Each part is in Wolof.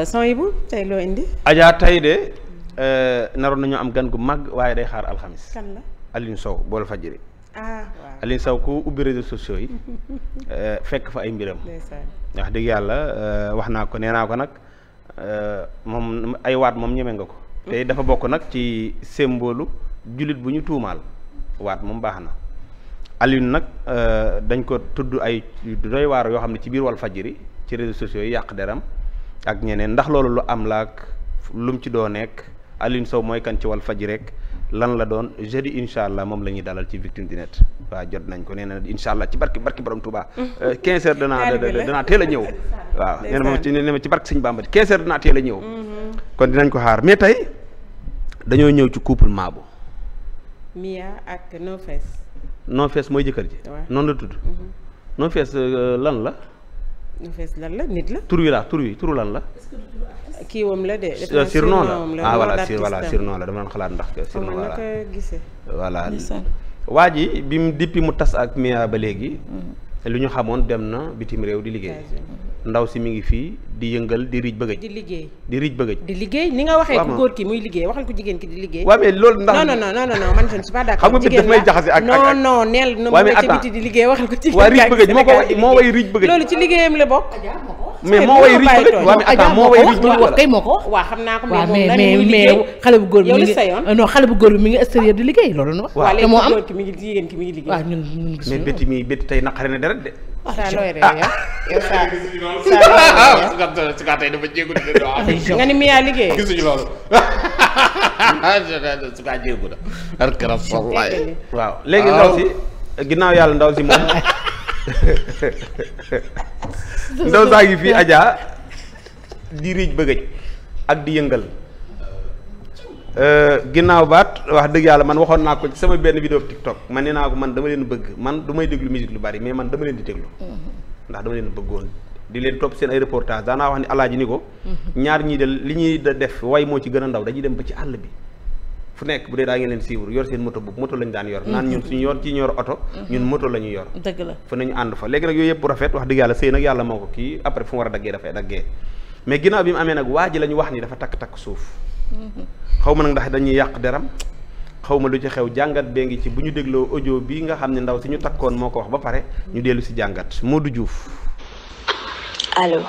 Euh, son yi bu tey loo indi. Adja tey de euh, naroon nañu am gan gu mag waaye day xaar alxamis. kan la Sow bool fajiri. ah waaw Alioune Sow ku ubbi réseaux sociaux yi. Euh, fekk fa ay mbiram. wax dëgg yàlla wax naa ko nee naa ko nag moom ay waat moom ñeme nga ko. te dafa bokk nag ci symbole jullit bu ñu tuumaal waat moom baax na. Alioune nag dañ ko tudd ay doy waar yoo xam ne ci biir wal fajiri ci réseaux sociaux yi yàq deram ak ñeneen ndax loolu lu am laak lu mu ci doo nekk Alioune Sow mooy kan ci wal faji rek lan la doon jeudi incha allah moom la ñuy dalal ci victime di net waaw jot nañ ko nee na incha allah ci barki barki borom Touba. 15 euh, heures danaa danaa a ñëw. waaw nee na moom ci nee na ci barki Sëñ Bamba 15 heures danaa teel ñëw. Mm-hmm. kon dinañ ko xaar mais tey dañoo ñëw ci couple Mabo. Mia ak No fees mooy jëkkër ji. noonu la tudd. Mm-hmm. No Face euh, lan la. Nafees lan la nit la. tur la tur wi turu lan la. kii wam la de. Euh, surnom la ah voilà sur voilà surnom la dama doon xalaat ndax. surnom voilà naka gisee. voilà waa ji bi mu depuis mu tas ak Mia ba léegi. Mm-hmm. lu ñu xamoon dem na bitim réew di liggéey. ndaw si mi ngi fii di yëngal di rij bëggëj. di liggéey di rij bëggëj. di liggéey ni nga waxee ku góor ki muy liggéey waxal ku jigéen ki di liggéey. waaw mais loolu ndax non non non non non man je ne suis pas d'accord. xam di liggéey waxal rij bëggëj moo way rij bëggëj. loolu ci liggéeyam la bokk. mais moo way riche rek waaw mais attends moo way riche wax kay moo ko waaw xam naa ko mais mais mais xale bu góor bi mi ngi non xale bu góor bi mi ngi extérieur di liggéey loolu la wax waaw te moo am ki mi ngi jigéen ki mi ngi liggéey waaw ñun ñun mais bétti mi bétti tey naqare na deret de saa ah, ah. looy rek yow saa suka tey dafa jéegu ah. nga ni miyaa liggéey gisuñu loolu suka jéegu da arkara wallaay waaw léegi ndaw si ginnaaw yàlla ndaw si moom ndaw saa ngi fii Adja di riij bëggëj ak di yëngal euh, ginnaaw baat wax dëgg yàlla man waxoon naa ko ci sama benn vidéo TikTok man nee naa ko man dama leen bëgg man du may déglu musique lu bari mais man dama leen di déglu ndax dama leen bëggoon di leen topp seen ay reportage daanaa wax ni alaaji ni ko mhm. ñaar ñii de li ñuy def way moo ci gën a ndaw dañuy dem ba ci àll bi fu nekk bu dee daa ngeen leen suivre yor seen moto boobu moto lañu daan yor naan ñun mhm. suñu yor ci ñor oto mhm. ñun moto la ñu yor dëgg la fa nañu ànd fa léegi nag yooyu yëpp rafet wax dëgg yàlla sëy nag yàlla moo ko kii après fu mu war a daggee dafay daggee mais ginnaaw bi mu amee nag waa ji la ñu wax ni dafa takk-takk suuf mhm. xaw ma nag ndax dañuy yàq deram xaw ma lu ci xew jàngat bee ngi ci bu ñu dégloo ojo bi nga xam ne ndaw si ñu takkoon moo ko wax ba pare ñu dellu si jàngat Modou Diouf allo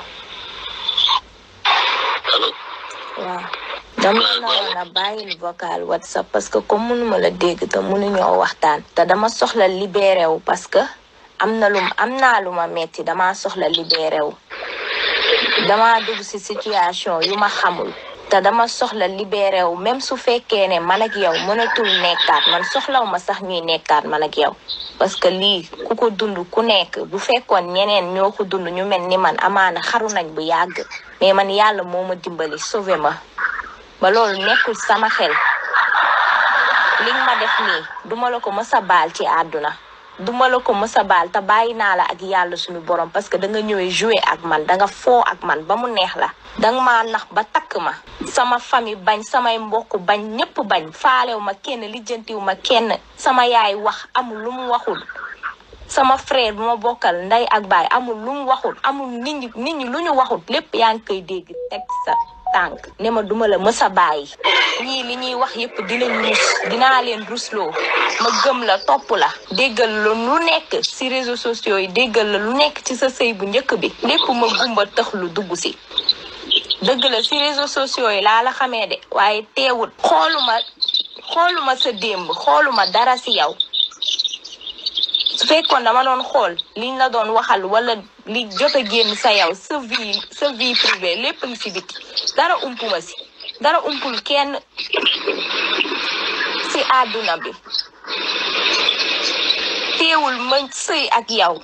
dama la woon a bàyyil vocal parce que comme mënuma la dégg te mënuñoo waxtaan te dama soxla libéré wu parce que am na am naa lu ma metti damaa soxla libéré wu damaa dugg ci situation yu ma xamul te dama soxla libéré wu même su fekkee ne man ak yow mënatul nekkaat man soxlaw ma sax ñuy nekkaat man ak yow parce que lii ku ko dund ku nekk bu fekkoon ñeneen ñoo ko dund ñu mel ni man amaana xaru nañ bu yàgg mais man yàlla moo ma dimbali sauvé ma ba loolu nekkul sama xel li nga ma def nii duma la ko mës baal ci àdduna duma la ko mës baal te bàyyi naa la ak yàlla suñu borom parce que da nga ñëwee jouer ak man danga foo ak man ba mu neex la danga ma nax ba takk ma sama famille bañ samay mbokk bañ ñépp bañ faalew ma kenn lijjantiwu ma kenn sama yaay wax amul lu mu waxul sama frère bu ma bokkal ndey ak baay amul lu mu waxul amul nit ñi nit ñi lu ñu waxul lépp yaa ngi koy dégg teg sa tànk ne ma duma la mës a bàyyi ñii li ñuy wax yépp di lañ rus dinaa leen rusloo ma gëm la topp la déggal lu nekk ci réseaux sociaux yi déggal la lu nekk ci sa sëy bu njëkk bi lépp ma gumba tax lu dugg si dëgg la ci réseaux sociaux yi laa la xamee de waaye teewul xooluma xooluma sa démb xooluma dara ci yow su fekkoon dama doon xool liñ la doon waxal walla li jot a génn sa yow sa vie sa vie privée lépp ngi ci biti dara umpuma si dara umpul kenn si àdduna bi teewul ma sëy ak yow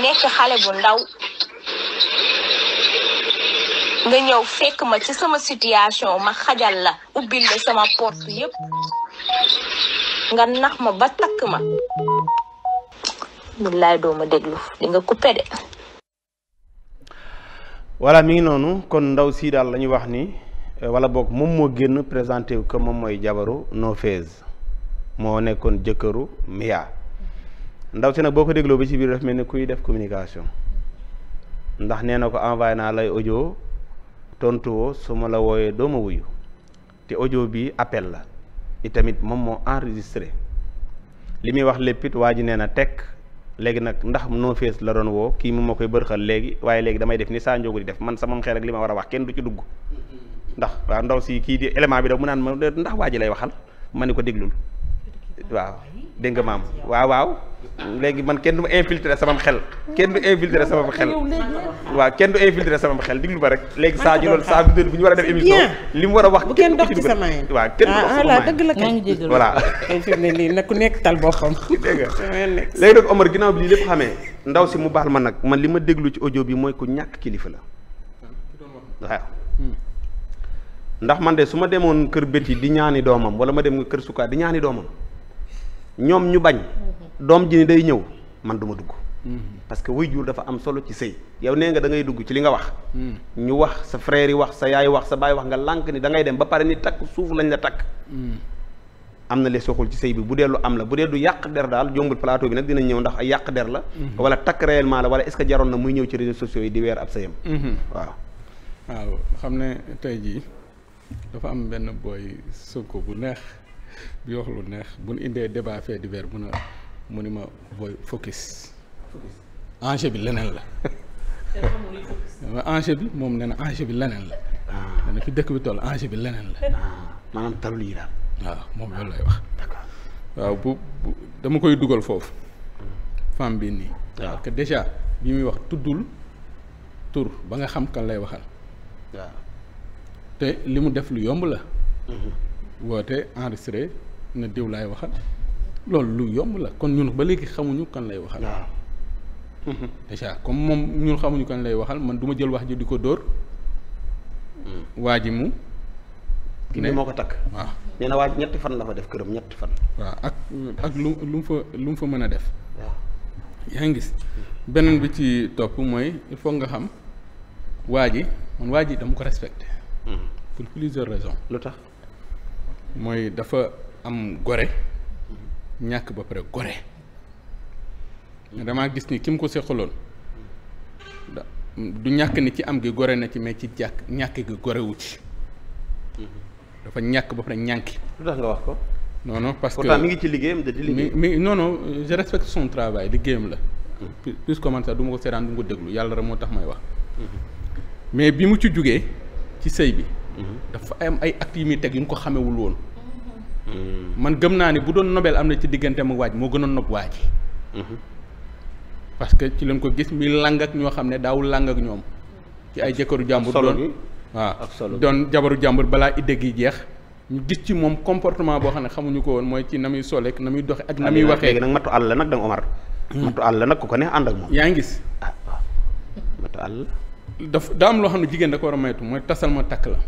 nekk xale bu ndaw nga ñëw fekk ma ci sama situation ma xajal la ubbil la sama porte yépp nga nax ma ba takk ma billaay doo ma déglu di nga coupé de voilà mi ngi noonu kon ndaw sii daal la ñuy wax ni euh, wala boog moom moo génn présenté wu que moom mooy jabaru Nofees moo nekkoon jëkkëru Mia ndaw si nag boo ko dégloo ba ci biir dafa mel ni kuy def communication ndax nee na ko envoyé naa lay audio tontu su ma la wooyee doo ma te audio bi appel la itamit moom moo enregistré li muy wax lépp waa ji nee na tekk léegi nag ndax noo fees la doon woo kii moom moo koy bërxal léegi waaye léegi damay def ni saa njóogu di def man sama xel ak li ma war a wax kenn du ci dugg ndax waaw ndaw si kii di élément bi da mu naan ma ndax waa ji lay waxal ma ni ko déglul waaw dégg nga maam waaw waaw léegi man kenn du ma infiltré sama xel kenn du infiltré sama xel waa kenn du infiltré sama xel diglu ba rek léegi saa ji saa bu bu ñu a def émission li mu war a wax bu kenn dox ci sama waaw kenn du dox ah, ah, la dëgg la ne nii nekk tal boo xam dégg nga léegi nag Omar ndaw si mu baal ma nag man li ma déglu ci audio bi mooy ku ñàkk kilifa la waaw ndax man de su ma demoon kër bét yi di ñaani doomam wala ma dem kër sukaa di ñaani doomam ñoom ñu bañ doom ji ni day ñëw man du ma dugg mm-hmm. parce que way jur dafa am solo ci sëy yow nee nga da ngay dugg ci li nga wax mm-hmm. ñu wax sa frère yi wax sa yaay wax sa baay wax nga lànk ni da ngay dem ba pare ni takk suuf lañ la takk mm-hmm. am na les soxul ci sëy bi bu dee lu am la bu dee du yàq der daal jombul plateau bi nag dina ñëw ndax ay yàq der la wala takk réellement la wala est ce que jaroon na muy ñëw ci réseaux sociaux yi di weer ab sëyam waaw xam ne tey jii dafa am benn booy Sonko bu neex indee débat fait divers mu ni ma booy focus. enjeu bi leneen la. enjeu bi moom nee na enjeu bi leneen la. nee ah. na fi dëkk bi toll enjeu bi leneen la. Ah. maanaam talul waaw moom loolu lay wax. waaw bu bu dama koy dugal foofu. femme bi nii. waaw parce déjà bi muy wax tuddul tur ba nga xam kan lay waxal. waaw te li mu def lu yomb la. Mm-hmm. woote enregistré na diw laay waxal. loolu lu yomb la kon ñun ba léegi xamuñu kan lay waxal. waaw. déjà comme moom ñun xamuñu kan lay waxal man duma jël wax ji di ko dóor. Hmm. waa ji mu. kii bi moo ko takk. waaw nee waa ji ñetti fan la fa def këram ñetti fan. waa ak hmm. ak lu lu mu fa lu fa mën a def. yaa ngi beneen bi ci topp mooy il faut nga xam waa ji man waa ji dama ko respecté. Hmm. pour plusieurs raisons. lu tax mooy dafa am gore. ñàkk ba pare gore damaa gis ni ki mu ko seqaloon du ñàkk ni ci am gi gore na ci mais ci ñàkk gi gorewu ci dafa ñàkk ba pare ñànki lu tax nga wax ko non parce que pourtant mi ngi ci liggéeyam da di liggéey mais non non liggéeyam la plus comment ça du ko seetaan du ma ko déglu yàlla rek moo tax may wax mais bi mu ci jógee ci sëy bi mhm. dafa am ay actes yu muy teg yu ñu ko xamewul woon Mm. man gëm naa ni bu doon nobeel am na ci diggante mu waaj moo gënoon nob waaj. Mm-hmm. parce que ci lañ ko gis muy lang ak ñoo xam ne daawul lang ak ñoom. ci ay jëkkëru jàmbur doon waaw doon jabaru jàmbur balaa idée gi jeex. ñu gis ci moom comportement boo xam ne xamuñu ko woon mooy ci na muy soleek na muy doxe ak na muy waxee léegi nag mattu àll nag da nga Omar. Hmm. mattu àll nag ku ko ne ànd ak moom. yaa ngi gis. Ah, àll. daf daa am loo xam ne jigéen da ko war a maytu mooy tasal ma takk la.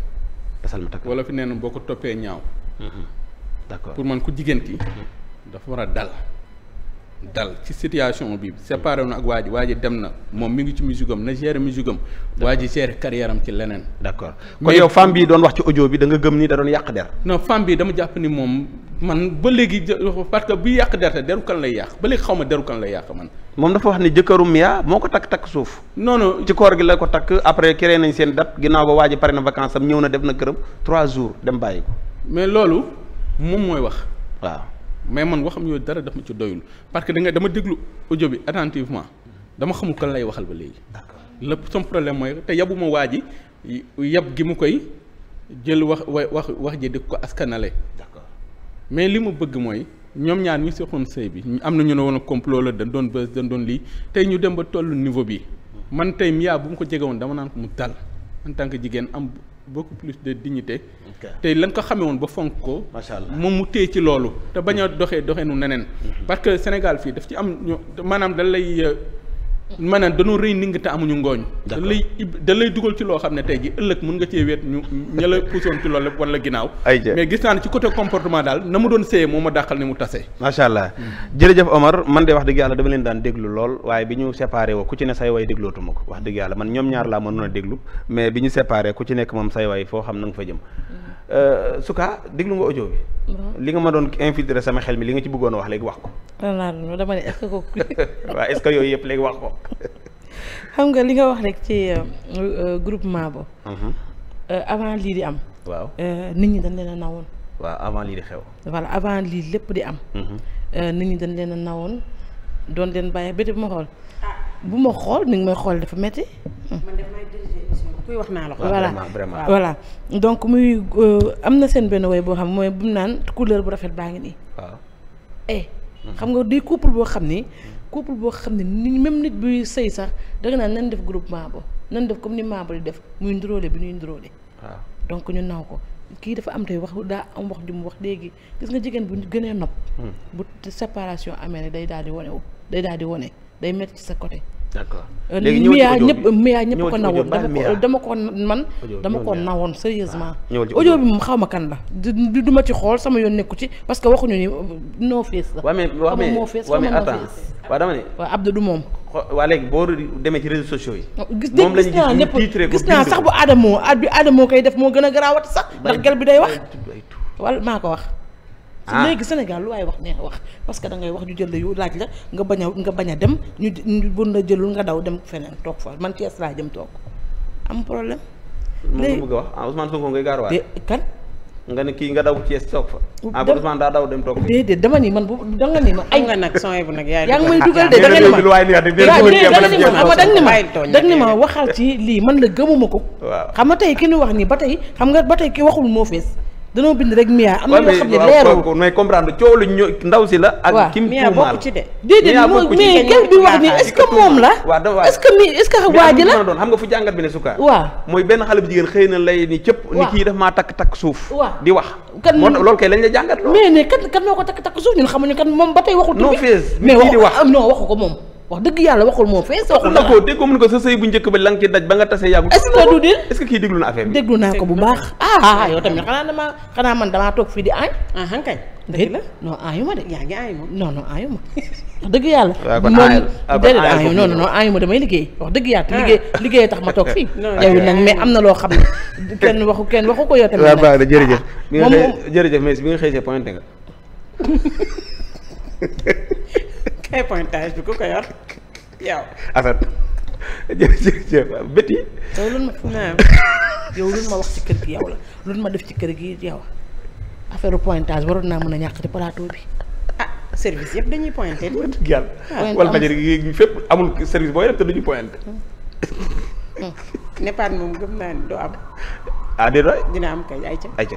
tasal ma takk wala fi neen boo ko toppee ñaaw. Hmm, hmm. d'accord pour man ku jigéen ki dafa war a dal dal ci situation bi séparé na ak waaj ji dem na moom mi ngi ci musique am na gérer musique am am ci leneen d'accord kon yow femme bi doon wax ci audio bi da nga gëm ni da yàq der non femme bi dama jàpp ni moom man ba léegi parce que bu yàq der te deru kan yàq ba léegi xaw ma deru kan lay yàq man moom dafa wax ni jëkkëru Mia moo ko takk takk suuf non non ci koor gi la ko takk après créé nañ seen date ginnaaw ba waaj pare na vacances am ñëw na def na këram trois jours dem bàyyi ko mais loolu moom mooy wax. waaw mais man waxam yooyu dara ma ci doyul parce que da nga dama déglu audio bi attentivement dama xamul kan lay waxal ba léegi. d'accord lépp sama problème mooy te yabuma waa ji yab gi mu koy jël wax wax wax ji di ko askanale. d'accord mais li ma bëgg mooy. ñoom ñaar ñu seqoon sëy bi am na ñu ne woon a complot la dañ doon bës dañ doon lii tey ñu dem ba tollu niveau bi man tey Mia bu mu ko jege woon dama naan ko mu dal en tant que jigéen am beaucoup plus de dignité. tey lan ko xamee woon ba fonk ko. macha allah moom mu téye ci loolu. te bañ mm-hmm. doxee doxee nu neneen. Mm-hmm. parce que Sénégal fii daf ci am ñu maanaam dañ lay. Euh, maanaam dañoo rëy ningi te amuñu ngooñ da lay da lay dugal ci loo xam ne tey ji ëllëg mun nga cee wet ñu ña la puusoon ci loolu wala ginnaaw mais gis naa ne ci côté comportement daal na mu doon séye moo ma dàqal ni mu tasee macha allah jërëjëf Omar man de wax dëgg yàlla dama leen daan déglu lool waaye bi ñu séparé woo ku ci ne say way déglootuma ko wax dëgg yàlla man ñoom ñaar laa mënoon a déglu mais bi ñu séparé ku ci nekk moom say way foo xam na nga fa Euh, Souka déglu nga audio bi. li nga ma doon infiltrer sama xel mi li nga ci bëggoon wax léegi wax ko. waaw dama ne est-ce que kooku. waaw est-ce que yooyu yëpp léegi wax ko. xam nga li nga wax rek ci euh, euh, groupement ba. Mhm. avant lii di am. waaw nit ñi dañ leen a nawoon. waa avant lii di xew. voilà avant lii lépp di am. Mhm. nit ñi dañ leen nawoon doon leen bàyyi ba ah. bu ma xool. bu ma xool ni nga may xool dafa metti kuy wax naa la ko voilà voilà donc muy euh, am na seen benn woy boo xam mooy bu mu naan couleur bu rafet baa ngi nii waaw eh, mhm. xam nga di couple boo xam ni couple boo xam ne ni même nit buy sëy sax danga naan nan def groupement bo nan def comme ni membre di def muy nduróole bi ñuy nduróole waaw donc ñu naw ko kii dafa am tey wax daa am wax ju mu wax léegi gis nga jigéen bu gënee nopp hmm. bu séparation amee day daal di wane day daal di wane day métti ci sa côté d'accord euh, léegi miyaa ñëpp miyaa ñëpp ko nawoon dama ko man dama ko nawoon sérieusement ah, audio bi moom xaw ma kan la du duma ci xool sama yoon nekku ci parce que waxuñu ni euh, noo fees la xama moo fees xama noo fees waaw dama ne waaw Abdou du moom waa léegi boo demee ci réseaux sociaux yi gis moom lañu gis ñëpp tiitre ko gis naa sax bu Adamo bi Adamo koy def moo gën a garaawati sax ndax gel bi day wax wala maa ko wax Ah. léegi Sénégal lu waaye wax neex wax parce que da ngay wax ñu jël la yu laaj la nga bañ nga bañ a dem ñu bun la jëlul nga daw dem feneen toog fa man Thiès laa jëm toog am problème léegi a wax ah Ousmane Sonko ngay kan nga ne kii nga daw Thiès toog fa. ah ba Ousmane daa daw dama ni man bu da nga ni ma ay. nga nag sooy bu nag yaa ngi may dugal de da nga ni ma da nga ni ma waxal ci lii man la gëmuma ko. xam nga tey ki ñu wax nii ba tey xam nga ba tey ki waxul moo fees danoo bind rek Mia am na ñoo xam ne leerul mais comprendre coow lu ñu ndaw si la. ak kim tuumaal waaw Mia bokk ci de. bi wax ni est que moom la. est-ce que mi est que waa su kaa. waaw mooy benn xale bu jigéen xëy na lay ni cëpp. ni kii daf maa takk takk suuf. di wax. kan moo loolu kay lañ la jàngat. mais ne kan kan moo ko takk takk suuf ñun xamuñu kan moom ba tey waxul. non fees mais waxu ko moom wax dëgg yàlla waxul moom fees waxul ko déggoo mun ko sa sëy bu njëkk ba la daj ba nga tasee yàggul est-ce que du dil est-ce kii déglu na affaire bi déglu naa ko bu baax ah, ah yow tamit xanaa dama xanaa man damaa toog fii di aay ah kañ dëgg de yaa ngi aayu dëgg yàlla moom ah, ah, déedéet aayu non damay liggéey wax dëgg yàlla te liggéey liggéey tax ma toog fii yow nag mais am na loo xam ne kenn waxu kenn waxu ko yow tamit waaw baax na jërëjëf bi nga xëy jërëjëf mais bi nga xëy see pointé nga kay pointage bi ku ko yor yow. affaire bët Betty. yow lu ma yow lu ma wax ci kër gi yow la lu ma def ci kër gi yow affaire pointage waroon naa mën a ñàkk ci plateau bi. Ah, service yëpp dañuy pointé. yàlla wala fajar yi fépp amul service booy def te duñu pointé. Hmm. Hmm. Nepad moom gëm naa ne doo am. ah déedéet dina am kay ay ayca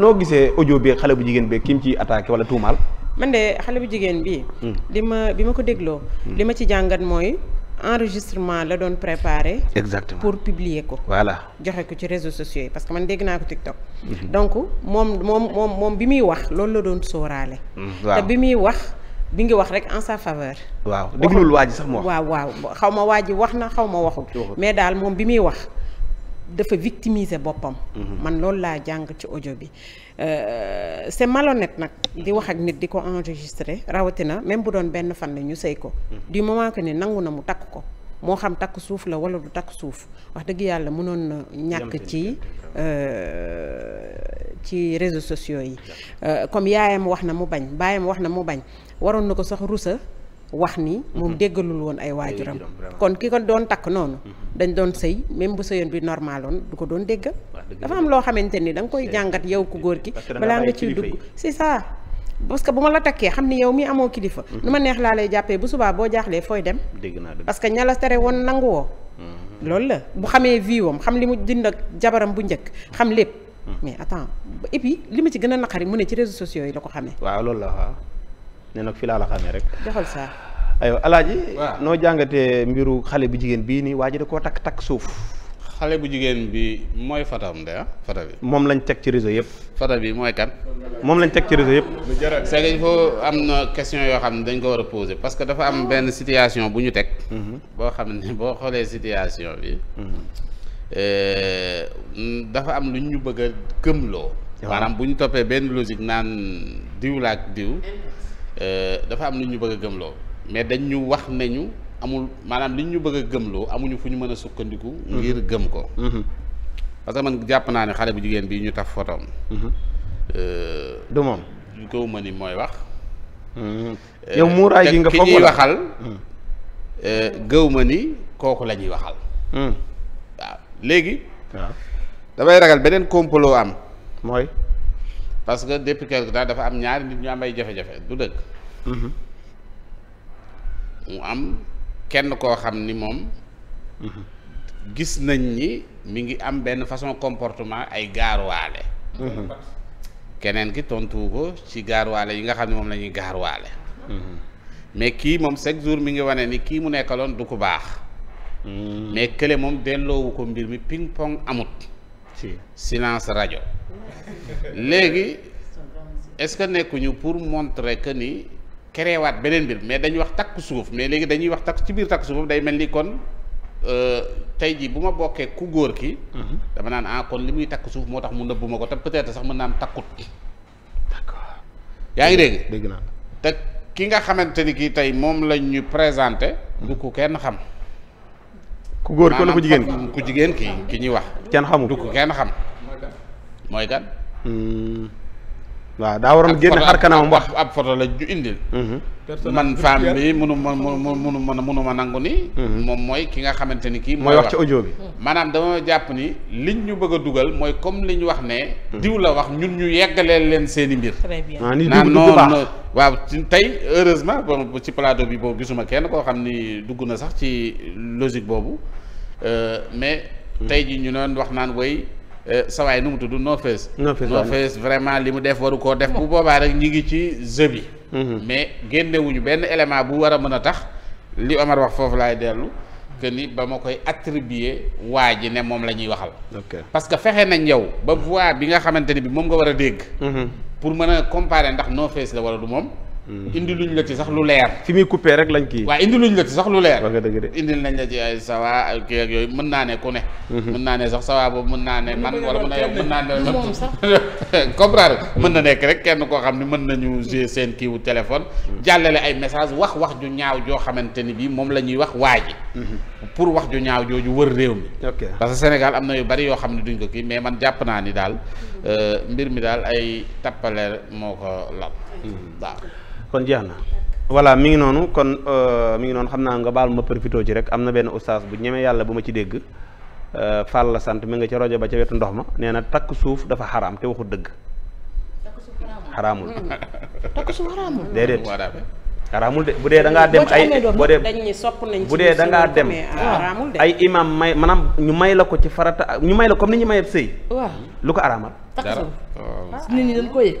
noo gisee ojo bi xale bu jigéen bi kim ci attaqué wala tuumaal. man de xale bu jigéen bii. Hmm. li ma bi ma ko dégloo. Hmm. li ma ci jàngat mooy enregistrement la doon préparer exactement pour publier ko. voilà joxe ko ci réseau sociaux yi parce que man dégg naa ko TikTok. Hmm. donc moom moom moom moom bi muy wax loolu la doon sóoraale. te bi muy wax. bi ngi wax rek en sa faveur. waaw déglul waa ji sax mu wax. waaw waaw xaw ma waa ji wax na xaw ma waxul. mais daal moom bi muy wax dafa victimiser boppam. man loolu laa jàng ci audio bi. Euh, c'est malhonnête nag di wax ak nit di ko enregistrer rawatina même bu doon benn fan la ñu sëy ko mm-hmm. di moment que ni nangu na mu takk ko moo xam takk suuf la wala du takk suuf wax dëgg yàlla mënoon na ñàkk ci euh, ci réseaux sociaux yi euh, comme yaayam wax na mu bañ baayam wax na mu bañ waroon na ko sax rusa wax ni moom mhm. déggalul woon ay waajuram kon ki ko doon takk noonu mhm. dañ doon sëy même bu sëyoon bi normaloon du ko doon déggal dafa am loo xamante ni da nga koy jàngat yow ku góor ki balaa nga ciy dugg c'est ça parce que bu ma la takkee xam ni yow mi amoo kilifa mhm. nu ma neex laa lay jàppee bu subaa boo jaaxlee fooy dem parce que ña la tere woon nangu woo loolu la bu xamee vie xam li mu dund ak jabaram bu njëkk xam lépp mais attends et puis li ma ci gën a naqari mu ne ci réseaux sociaux yi la ko xamee waaw loolu la ne nag fi laa la xamee rek. joxal saa. aywa alaaji. waaw noo jàngatee mbiru xale bu jigéen bii nii waa ji koo takk takk suuf. xale bu jigéen bi mooy Fatam de ah bi. moom lañ teg ci réseau yëpp. foto bi mooy kan. moom lañ teg ci réseau yëpp. c'est que il faut am na question yoo xam ne dañ ko war a poser parce que dafa am benn situation bu ñu teg. Mhm. boo xam ne boo xoolee situation bi. Mhm. Euh, dafa am lu ñu bëgg a gëmloo. maanaam bu ñu toppee benn logique naan diw la diw. Euh, dafa am lu ñu bëgg a gëmloo mais dañ ñu wax nañu amul maanaam li ñu bëgg a gëmloo amuñu fu ñu mën a sukkandiku. ngir mhm. gëm ko. Mhm. parce que man jàpp naa ne xale bu jigéen bi ñu taf fotoom. Mhm. Euh, du moom. ñu ko ma ni mooy wax. Euh, yow muuraay gi nga foog ki ñuy waxal. gëw ma ni kooku la ñuy waxal. waaw léegi. waaw dafay ragal beneen complot am. mooy. parce que depuis quelque temps dafa am ñaari nit ñu am ay jafe-jafe du dëkk mhm. mu am kenn koo xam ni moom. Mhm. gis nañ ni mi ngi am benn façon comportement ay gaaruwaale. Mhm. keneen ki tontuwu ko ci gaaruwaale yi nga xam ne moom la ñuy gaaruwaale. mais kii moom chaque jour mi ngi wane ni kii mu nekkaloon du ko baax. mais kële moom delloowu ko mbir mi ping pong amut. silence rajo. léegi est-ce que nekkuñu pour montre que ni créewaat beneen mbir mais dañuy wax takk suuf mais léegi dañuy wax takk ci biir takk suuf day mel ni kon euh, tey jii bu ma bokkee ku góor ki mhm. dama naan ah kon li muy takk suuf moo tax mu nëbbu ma ko te peut sax mën naan am takkut. d'accord yaa ngi dégg. dégg naa te ki nga xamante ni kii tey moom lañ ñu présenté. du mhm. ko kenn xam. ku góor ki wala ku jigéen ki ku jigéen ki ki ñuy wax. kenn xamul du ko kenn xam. mooy kan. Hmm. waaw daa waroon génn xar kanamam wax ab photo la ju indil. Hmm. man femme bi munu ma munu ma munu ma nangu ni. Hmm. moom mooy ki nga xamante ni kii. mooy wax ci audio bi. maanaam dama jàpp ni liñ ñu bëgg a dugal mooy comme li ñu wax ne. diw wax ñun ñu yeggaleel leen seen i mbir. très bien ah, naan non waaw tey heureusement bon ci plateau bi boobu gisuma kenn koo xam ni dugg na sax ci logique boobu euh, mais. tey ji ñu doon wax naan way Eh, sawaay nu mu tudd No Face No vraiment li mu def waru koo def bu boobaa rek ñi ngi ci jeu bi mhm. mais génnewuñu benn élément bu war a mën a tax li Omar wax foofu laay dellu que ni ba ma koy attribuer waa ji ne moom la ñuy waxal parce que fexe nañ yow ba voix bi nga xamante ni bi moom nga war a dégg mhm. pour mën a comparer ndax No Face la wala du moom Mm. indi luñ la ci sax lu leer. fi muy coupé rek lañ kii. waa indi luñ la ci sax lu leer. indil nañ la ci ay sawa ak ak yooyu mën naa ne ku ne. Mm-hmm. mën naa ne sax sawa boobu mën naa ne man wala mën mën naa ne. moom sax comprendre mën na nekk rek kenn koo xam ne mën nañu jouer seen kii wu téléphone. Mm-hmm. jàllale ay message wax wax ju ñaaw joo xamante ni bii moom la ñuy wax waa mm-hmm. pour wax ju ñaaw jooju wër réew mi. parce que Sénégal am na yu bari yoo xam ne duñ ko ki mais man jàpp naa ni daal euh, mbir mi daal ay tappale moo ko lal kon jeex na voilà mi ngi noonu kon euh, mi ngi noonu xam naa nga baal ma profité ci rek am na benn ustaas bu ñemee yàlla bu ma ci dégg euh, Fall la sant mi nga ca rajo ba ca wetu ndox ma nee na takk suuf dafa xaraam te waxul dëgg. xaraamul hmm. takk suuf de bu dee dangaa dem ay boo dee bu dee da dem ah, ah. ay imam may maanaam ñu may la ko ci farata ñu may la comme ni ñu mayeb sëy lu ko araamal. takk suuf oh. nit ñi dañ ko yëg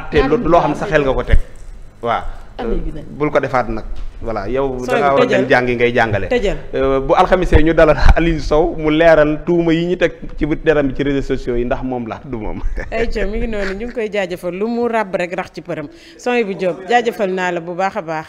àttee lu loo xam ne sa xel nga ko teg waaw ah, bul ko defaat nag voilà yow da ngaa war a dem jàngi ngay jàngale euh, bu alxamisee ñu dalal Aliou Sow mu leeral tuuma yi ñu teg ci deram bi ci réseaux sociaux yi ndax moom la du moom ay co mi ngi noonu ñu ngi koy jaajëfal lu mu ràbb rek rax ci përëm sony bu Diop jaajëfal naa la bu baax a baax